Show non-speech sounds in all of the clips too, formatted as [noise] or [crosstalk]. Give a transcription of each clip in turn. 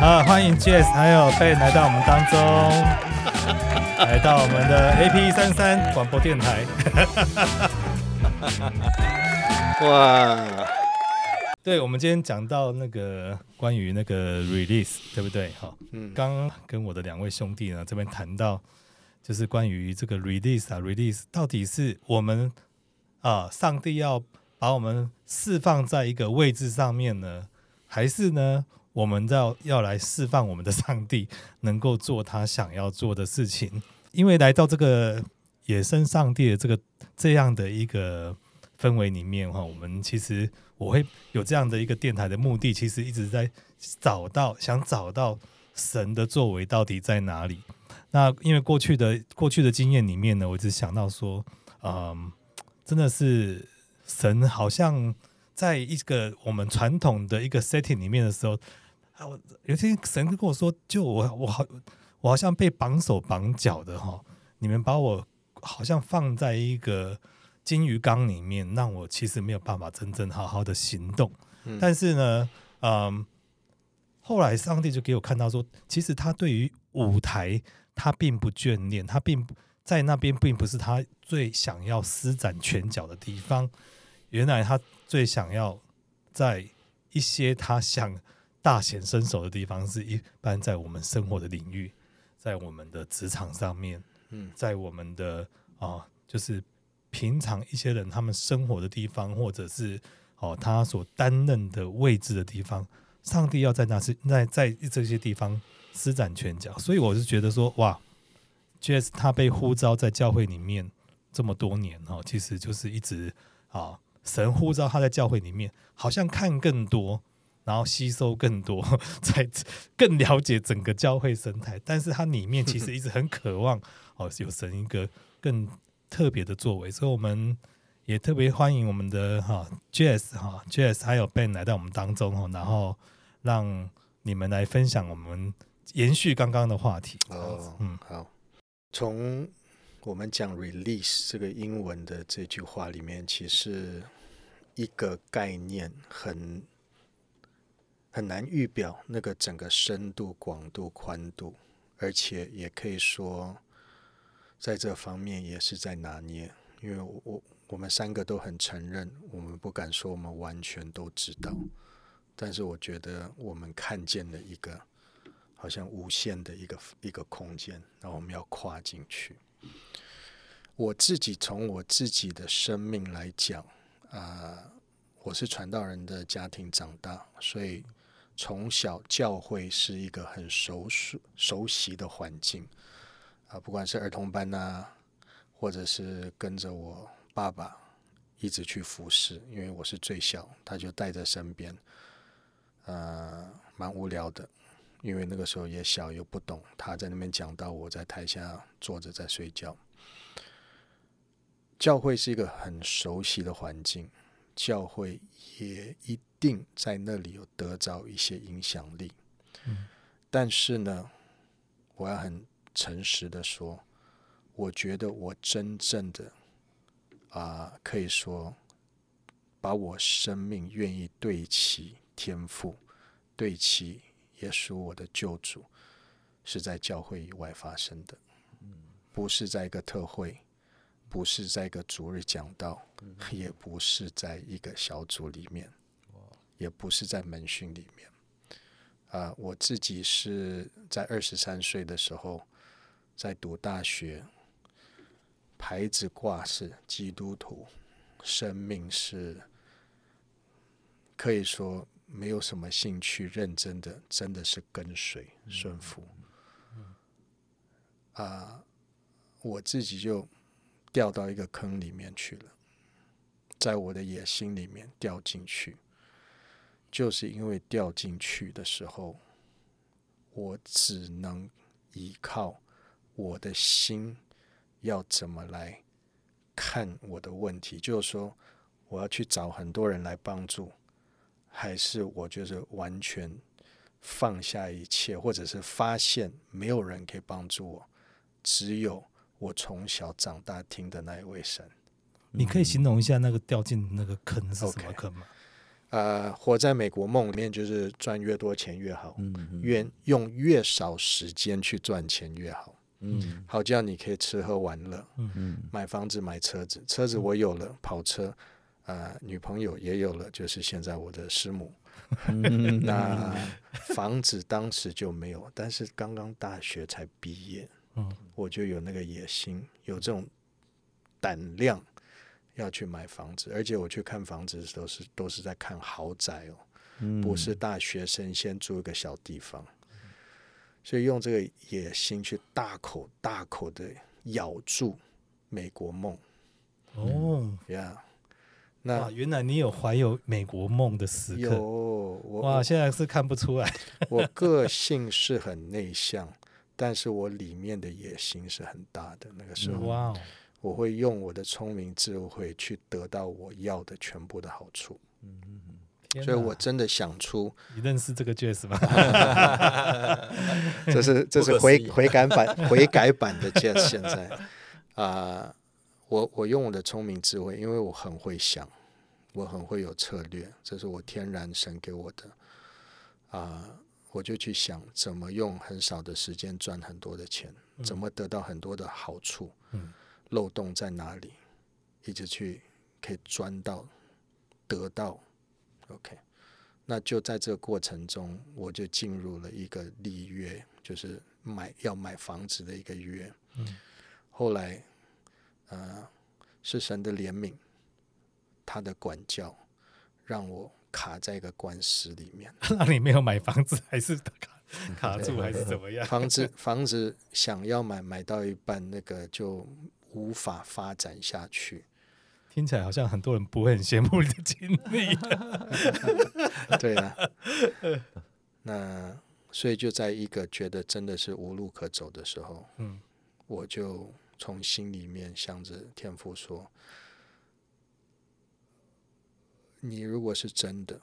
好，歡迎 Jess 還有 Ben 來到我們當中， [laughs] 來到我們的 AP 三三廣播電台。 [laughs] [laughs] 哇！對，我們今天講到那個關於那個 release，對不對？好、哦，嗯，剛跟我的兩位兄弟呢這邊談到，就是關於這個 release 啊，release 到底是我們啊、呃，上帝要。把我們釋放在一個位置上面呢，還是呢，我們要要來釋放我們的上帝，能夠做他想要做的事情？因為來到這個野生上帝的這個這樣的一個氛圍裡面哈，我們其實我會有這樣的一個電台的目的，其實一直在找到想找到神的作為到底在哪裡？那因為過去的過去的經驗裡面呢，我一直想到說，嗯、呃，真的是。神好像在一個我們傳統的一個 setting 裡面的時候，有一天神跟我說：“就我我好，我好像被綁手綁腳的哈，你們把我好像放在一個金魚缸裡面，讓我其實沒有辦法真正好好的行動。嗯、但是呢，嗯，後來上帝就給我看到說，其實他對於舞台他並不眷戀，他並不。”在那邊並不是他最想要施展拳腳的地方，原來他最想要在一些他想大顯身手的地方，是一般在我們生活的領域，在我們的職場上面，嗯，在我們的啊，就是平常一些人他們生活的地方，或者是哦，他所擔任的位置的地方，上帝要在那些，那在這些地方施展拳腳，所以我是覺得說，哇。Jess 他被呼召在教會裡面這麼多年哦，其實就是一直啊神呼召他在教會裡面，好像看更多，然後吸收更多，才更了解整個教會生態。但是他裡面其實一直很渴望哦，有神一個更特別的作為。所以我們也特別歡迎我們的哈 Jess 哈 Jess 還有 Ben 來到我們當中哦，然後讓你們來分享我們延續剛剛的話題。哦，嗯，好。從我們講 “release” 這個英文的這句話裡面，其實一個概念很很難預表那個整個深度、廣度、寬度，而且也可以說，在這方面也是在拿捏。因為我我們三個都很承認，我們不敢說我們完全都知道，但是我覺得我們看見了一個。好像無限的一個一個空間，然後我們要跨進去。我自己從我自己的生命來講，啊、呃，我是傳道人的家庭長大，所以從小教會是一個很熟熟熟悉的環境啊、呃，不管是兒童班吶、啊，或者是跟着我爸爸一直去服侍，因為我是最小，他就帶在身邊，呃，蠻無聊的。因為那個時候也小又不懂，他在那邊講到，我在台下坐着在睡覺。教會是一個很熟悉的環境，教會也一定在那裡有得到一些影響力。嗯，但是呢，我要很誠實的說，我覺得我真正的啊、呃，可以說把我生命願意對齊，天賦對齊耶穌，我的救主，是在教會以外發生的，不是在一個特會，不是在一個主日講道，也不是在一個小組裡面，也不是在門訓裡面。啊，我自己是在二十三歲的時候，在讀大學，牌子掛是基督徒，生命是可以說。沒有什麼興趣，認真的，真的是跟隨、嗯、順服。啊、嗯嗯呃，我自己就掉到一個坑裡面去了，在我的野心裡面掉進去，就是因為掉進去的時候，我只能依靠我的心，要怎麼來看我的問題？就是說，我要去找很多人來幫助。還是我就是完全放下一切，或者是發現沒有人可以幫助我，只有我從小長大聽的那一位神。你可以形容一下那個掉進那個坑是什麼坑嗎？Okay. 呃，活在美國夢裡面，就是賺越多錢越好，越用越少時間去賺錢越好。嗯，好，這樣你可以吃喝玩樂，嗯嗯，買房子買車子，車子我有了，跑車。呃、女朋友也有了，就是現在我的師母。 [laughs] 那房子當時就沒有，但是剛剛大學才畢業，哦，我就有那個野心，有這種膽量要去買房子，而且我去看房子的時候都是在看豪宅哦，不、嗯、是大學生先住一個小地方，所以用這個野心去大口大口的咬住美國夢。哦，嗯 yeah. 那原來你有懷有美國夢的時刻，有我哇！現在是看不出來。我個性是很內向， [laughs] 但是我裡面的野心是很大的。那個時候，我會用我的聰明智慧去得到我要的全部的好處。嗯，所以我真的想出。你認識這個 Jess 嗎？ [laughs] [laughs] 這？這是這是悔悔改版悔改版的 Jess 現在啊。呃我我用我的聰明智慧，因為我很會想，我很會有策略，這是我天然神給我的。啊、呃，我就去想怎麼用很少的時間賺很多的錢，嗯、怎麼得到很多的好處、嗯。漏洞在哪裡，一直去可以鑽到，得到。OK，那就在這個過程中，我就進入了一個立約，就是買要買房子的一個約。嗯，後來。呃、 [noise] 啊，是神的憐憫，他的管教讓我卡在一個官司裡面。那、啊啊、你沒有買房子，還是卡，卡住，還是怎麼樣？ [noise] 房子房子想要買，買到一半那個就無法發展下去。聽起來好像很多人不會很羨慕你的經歷。 [laughs] 對啊， [laughs] [laughs] 那所以就在一個覺得真的是無路可走的時候，嗯，我就。從心裡面向着天父說：“你如果是真的，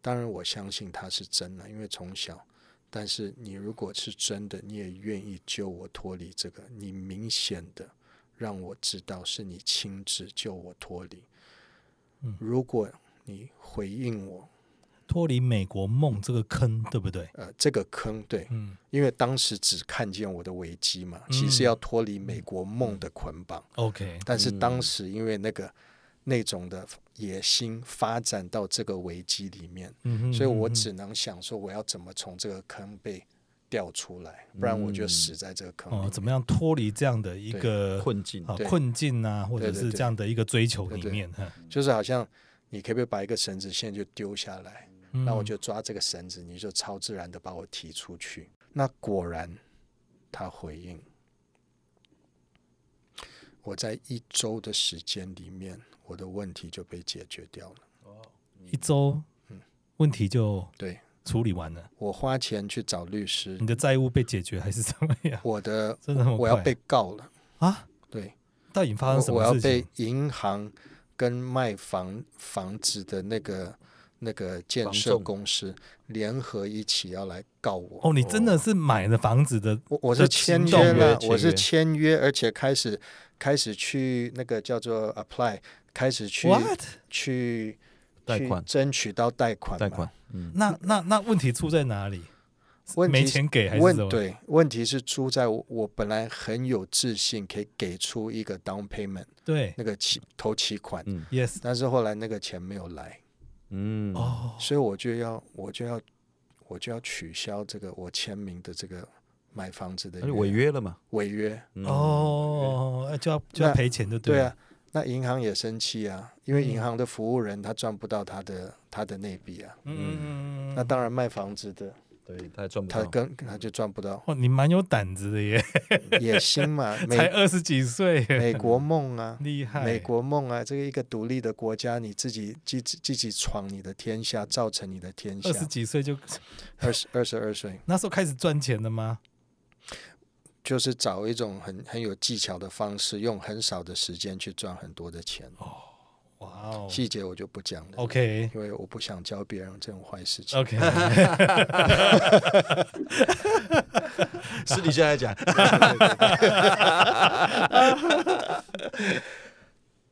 當然我相信他是真的，因為從小。但是你如果是真的，你也願意救我脫離這個。你明顯的讓我知道是你親自救我脫離。如果你回應我。”脫離美國夢這個坑，對不對？呃，這個坑對，嗯，因為當時只看見我的危機嘛、嗯，其實要脫離美國夢的捆綁，OK、嗯。但是當時因為那個、嗯、那種的野心發展到這個危機裡面、嗯嗯，所以我只能想說，我要怎麼從這個坑被掉出來、嗯，不然我就死在這個坑裡哦，怎麼樣脫離這樣的一個好困境啊？困境啊，或者是這樣的一個追求裡面，對對對，就是好像你可不可以把一個繩子現在就丟下來。那、嗯、我就抓這個繩子，你就超自然的把我提出去。那果然，他回應。我在一周的時間裡面，我的問題就被解決掉了。哦，一周，嗯，問題就對處理完了。我花錢去找律師，你的債務被解決還是怎麼樣？我的、的，我要被告了啊！對，到底發生什麼我，我要被銀行跟賣房房子的那個。那個建設公司聯合一起要來告我哦！你真的是買了房子的，我我是簽約了，我是簽約，而且開始，開始開始去那個叫做 apply，開始去去貸款，爭取到貸款，貸款。嗯，那那那問題出在哪裡？問，沒錢給還是什麼？對，問題是出在我本來很有自信，可以給出一個 down payment，對，那個期，頭期款，嗯，yes，但是後來那個錢沒有來。嗯，哦，所以我就要，我就要，我就要取消這個我簽名的這個買房子的，違約了嘛，違約，嗯嗯、哦、呃，就要就要賠錢的，對啊，那銀行也生氣啊，因為銀行的服務人他賺不到他的、嗯、他的那筆啊，嗯，那當然賣房子的。對，他還賺不到他，跟他就賺不到。哦。你蠻有膽子的耶，野 [laughs] 心嘛，才二十幾歲，美國夢啊，厲害，美國夢啊，這個一個獨立的國家，你自己自己自己闖你的天下，造成你的天下。二十幾歲就二十二十二歲， [laughs] 那時候開始賺錢了嗎？就是找一種很很有技巧的方式，用很少的時間去賺很多的錢。哦。哇哦，細節我就不講了，OK，因為我不想教別人這種壞事情，OK [laughs] [laughs] 在在。是你現在講，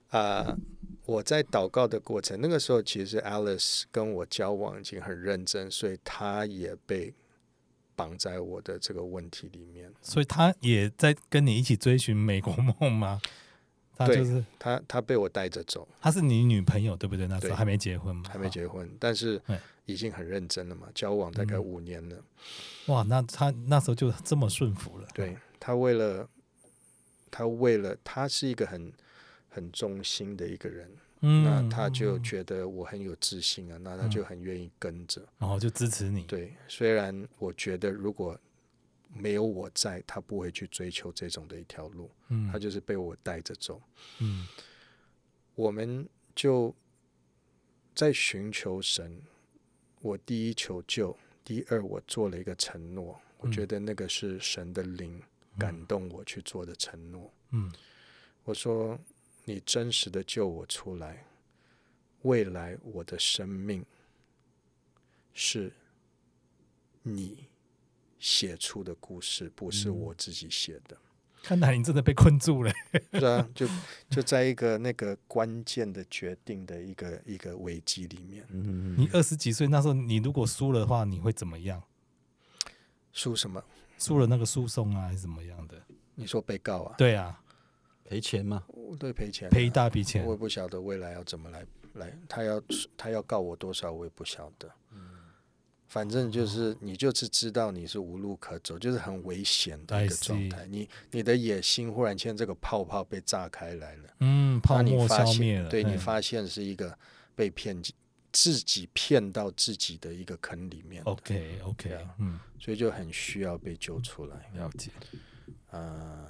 啊 [laughs] [laughs] [laughs] uh, 我在禱告的過程，那個時候其實 Alice 跟我交往已經很認真，所以他也被綁在我的這個問題裡面，所以他也在跟你一起追尋美國夢嗎？ [laughs] 他、就是、對他，他被我帶着走。他是你女朋友對不對？那時候還沒結婚嗎？還沒結婚，但是已經很認真了嘛，交往大概五年了，嗯。哇，那他那時候就這麼順服了？對，他為了他為了他是一個很很忠心的一個人，嗯，那他就覺得我很有自信啊，嗯，那他就很願意跟着，然、嗯、後、哦、就支持你。對，雖然我覺得如果。沒有我在，他不會去追求這種的一條路，他就是被我帶着走。嗯。我們就在尋求神。我第一求救，第二我做了一個承諾。我覺得那個是神的靈感動我去做的承諾。嗯，我說你真實的救我出來，未來我的生命是你，寫出的故事不是我自己寫的。嗯，看來你真的被困住了。 [laughs] 是啊，就就在一個那個關鍵的決定的一個一個危機裡面。嗯，你二十幾歲那時候，你如果輸的話，你會怎麼樣？輸什麼？輸了那個訴訟啊，還是怎麼樣的？嗯，你說被告啊？對啊，賠錢嗎？對，啊，賠錢，賠一大筆錢。我也不曉得未來要怎麼來來，他要他要告我多少，我也不曉得。反正就是你就是知道你是無路可走，就是很危險的一個狀態。你你的野心忽然間這個泡泡被炸開來了，嗯，泡沫消滅了，啊你發現嗯、對，你發現是一個被騙、嗯、自己騙到自己的一個坑裡面。OK OK，嗯，所以就很需要被救出來。了、嗯、解，呃，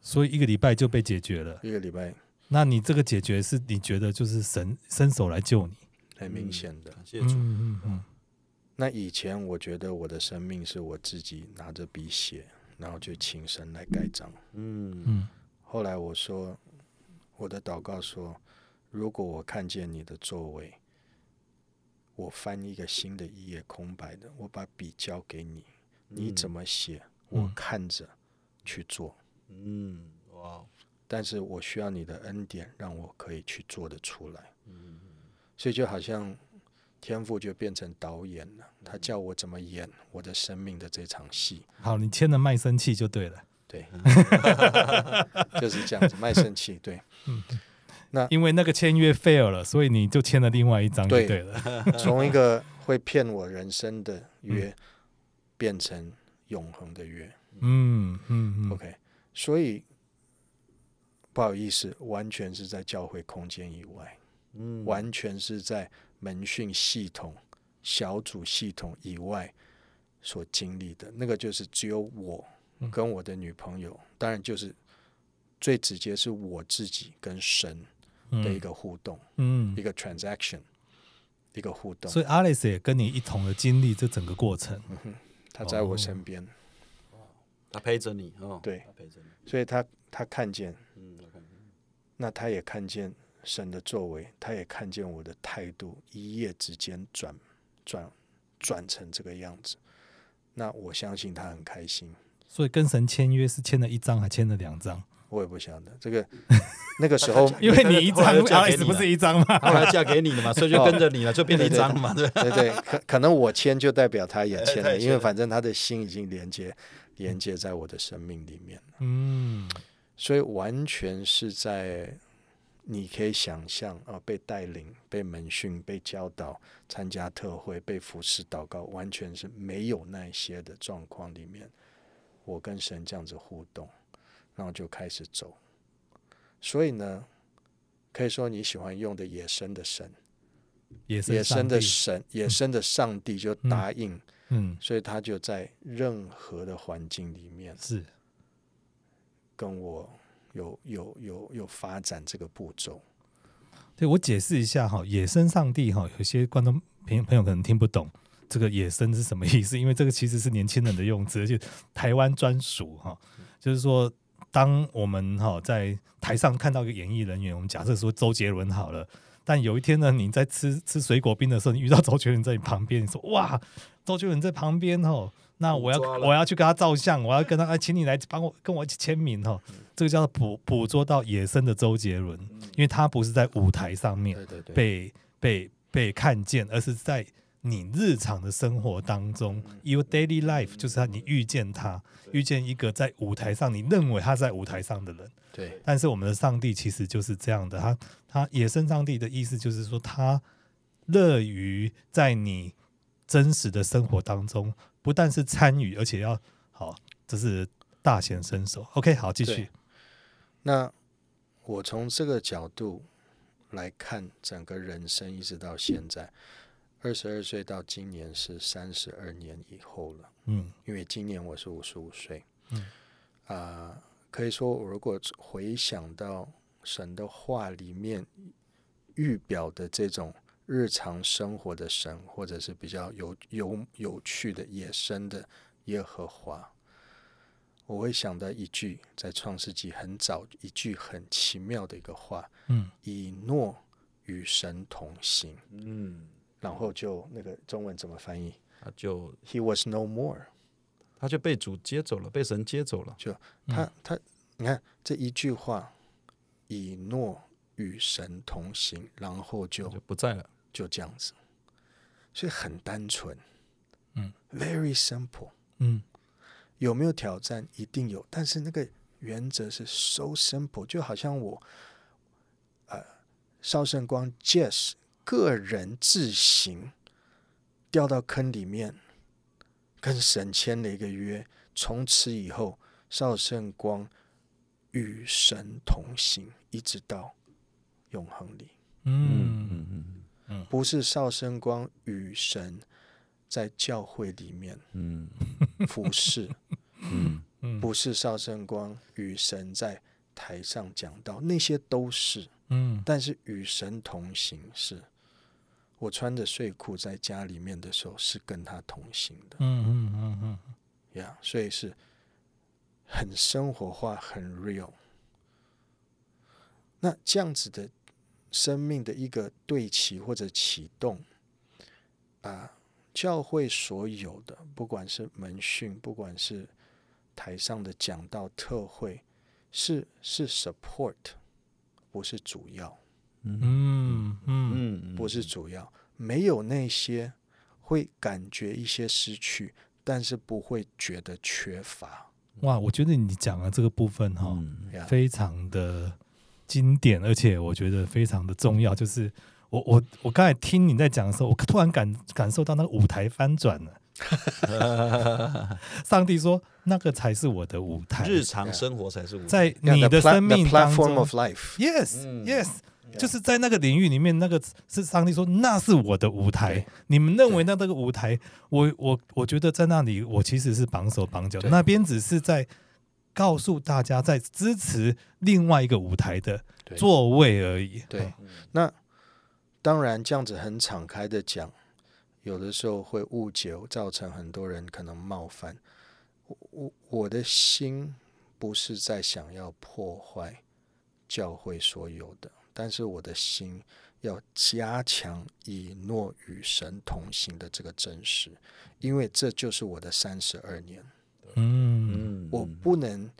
所以一個禮拜就被解決了。一個禮拜，那你這個解決是你覺得就是神伸手來救你，很明顯的，謝謝嗯。那以前，我覺得我的生命是我自己拿着筆寫，然後就請神來蓋章。嗯。後來我說，我的禱告說，如果我看見你的作為，我翻一個新的一頁空白的，我把筆交給你，嗯，你怎麼寫，嗯，我看着去做。嗯哇。但是我需要你的恩典，讓我可以去做得出來。嗯。所以就好像。天父就變成導演了，他叫我怎麼演我的生命的這場戲。好，你簽了賣身契就對了。對， [laughs] [laughs] 就是這樣子，賣身契。對，嗯、那因為那個簽約 fail 了，所以你就簽了另外一張，對，對從一個會騙我人生的約，變成永恆的約。嗯嗯，嗯，嗯。OK，所以不好意思，完全是在教會空間以外、嗯，完全是在。門訓系統、小組系統以外所經歷的那個，就是只有我跟我的女朋友、嗯，當然就是最直接是我自己跟神的一個互動，嗯、一個 transaction、嗯、一個互動。所以 Alice 也跟你一同的經歷這整個過程，嗯、哼他在我身邊、哦，他陪着你、哦、對陪著你，所以他他看見、嗯、他看見，那他也看見。神的作為，他也看見我的態度，一夜之間轉轉轉成這個樣子。那我相信他很開心。所以跟神簽約是簽了一張，還簽了兩張？我也不曉得這個那個時候， [laughs] 因為你一張，然、那個、後不是一張嘛，他嫁給你了給你的嘛，所以就跟着你了， [laughs] 就變成一張嘛。對對對， [laughs] 對對對可可能我簽就代表他也簽了對對對，因為反正他的心已經連接連接在我的生命裡面。嗯，所以完全是在。你可以想象，啊、呃，被帶領、被門訓、被教導、參加特會、被服侍、禱告，完全是沒有那些的狀況裡面，我跟神這樣子互動，然後就開始走。所以呢，可以說你喜歡用的野生的神，野生、野生的神、嗯，野生的上帝就答應，嗯嗯，所以他就在任何的環境裡面跟我。有有有有發展這個步驟，對，我解釋一下哈，野生上帝哈，有些觀眾朋朋友可能聽不懂這個“野生”是什麼意思，因為這個其實是年輕人的用詞，就台灣專屬哈。就是說，當我們哈在台上看到一個演藝人員，我們假設說周杰倫好了，但有一天呢，你在吃吃水果冰的時候，你遇到周杰倫在你旁邊，你說哇，周杰倫在旁邊哦。那我要我要去跟他照相，我要跟他，請你來幫我跟我一起簽名哦。嗯、這個叫做捕捕捉到野生的周杰倫。嗯，因為他不是在舞臺上面被、嗯、對對對被被看見，而是在你日常的生活當中、嗯、your daily life、嗯、就是他你遇見他，遇見一個在舞臺上你認為他在舞臺上的人。對。但是我們的上帝其實就是這樣的，他他野生上帝的意思就是說，他樂於在你。真實的生活當中，不但是參與，而且要好，這是大顯身手。OK，好，繼續。那我從這個角度來看，整個人生一直到現在，二十二歲到今年是三十二年以後了。嗯，因為今年我是五十五歲。嗯，啊、呃，可以說我如果回想到神的話裡面預表的這種。日常生活的神，或者是比較有有有趣的野生的耶和華，我會想到一句在創世記很早一句很奇妙的一個話：嗯，以諾與神同行。嗯，然後就那個中文怎麼翻譯？他就 He was no more，他就被主接走了，被神接走了。就他、嗯、他，你看這一句話，以諾與神同行，然後就，就不在了。就這樣子，所以很單純，嗯，very simple，嗯，有沒有挑戰？一定有，但是那個原則是 so simple，就好像我，呃，邵聖光 Jess 個人自行掉到坑裡面，跟神簽了一個約，從此以後，邵聖光與神同行，一直到永恆裡，嗯。嗯不是少聲光與神在教會裡面，嗯，服侍，嗯，不是少聲光與神在台上講道，那些都是，嗯，但是與神同行是，我穿着睡褲在家裡面的時候是跟他同行的，嗯嗯嗯嗯，呀、嗯，嗯、Yeah, 所以是很生活化、很 real，那這樣子的。生命的一個對齊或者啟動，啊，教會所有的，不管是門訓，不管是台上的講道特會，是是 support，不是主要，嗯嗯嗯，不是主要，沒有那些會感覺一些失去，但是不會覺得缺乏。哇，我覺得你講的這個部分哈、嗯哦嗯，非常的。經典，而且我覺得非常的重要。就是我，我，我剛才聽你在講的時候，我突然感感受到那個舞台翻轉了。 [laughs] 上帝說，那個才是我的舞台，日常生活才是舞台，在你的生命當中。Yeah, the platform of life. Yes, Yes, mm. 就是在那個領域裡面，那個是上帝說那是我的舞台。你們認為那那個舞台，我我我覺得在那裡，我其實是綁手綁腳，那邊只是在。告訴大家，在支持另外一個舞台的座位而已。對，對嗯、那當然這樣子很敞開的講，有的時候會誤解，造成很多人可能冒犯。我我的心不是在想要破壞教會所有的，但是我的心要加強以諾與神同行的這個真實，因為這就是我的三十二年。不能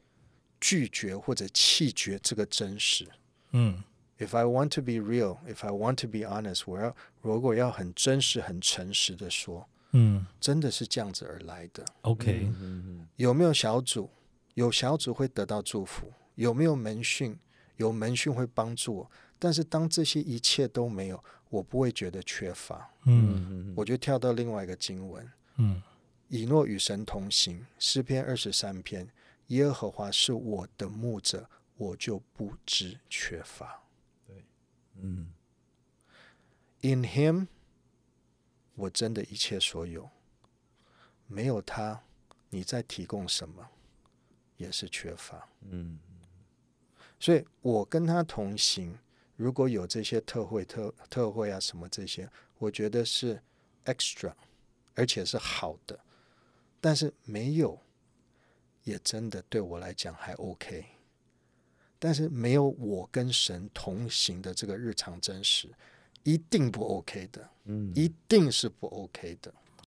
拒絕或者棄絕這個真實。嗯，If I want to be real, if I want to be honest, 我要如果要很真實、很誠實的說，嗯，真的是這樣子而來的。OK，嗯，有沒有小組？有小組會得到祝福？有沒有門訓？有門訓會幫助我？但是當這些一切都沒有，我不會覺得缺乏。嗯，我就跳到另外一個經文。嗯，以諾與神同行，詩篇二十三篇。耶和華是我的牧者，我就不知缺乏。對，嗯。In Him，我真的一切所有，沒有他，你再提供什麼，也是缺乏。嗯。所以我跟他同行，如果有這些特會、特特會啊什麼這些，我覺得是 extra，而且是好的，但是沒有。也真的對我來講還 OK，但是沒有我跟神同行的這個日常真實，一定不 OK 的，嗯，一定是不 OK 的。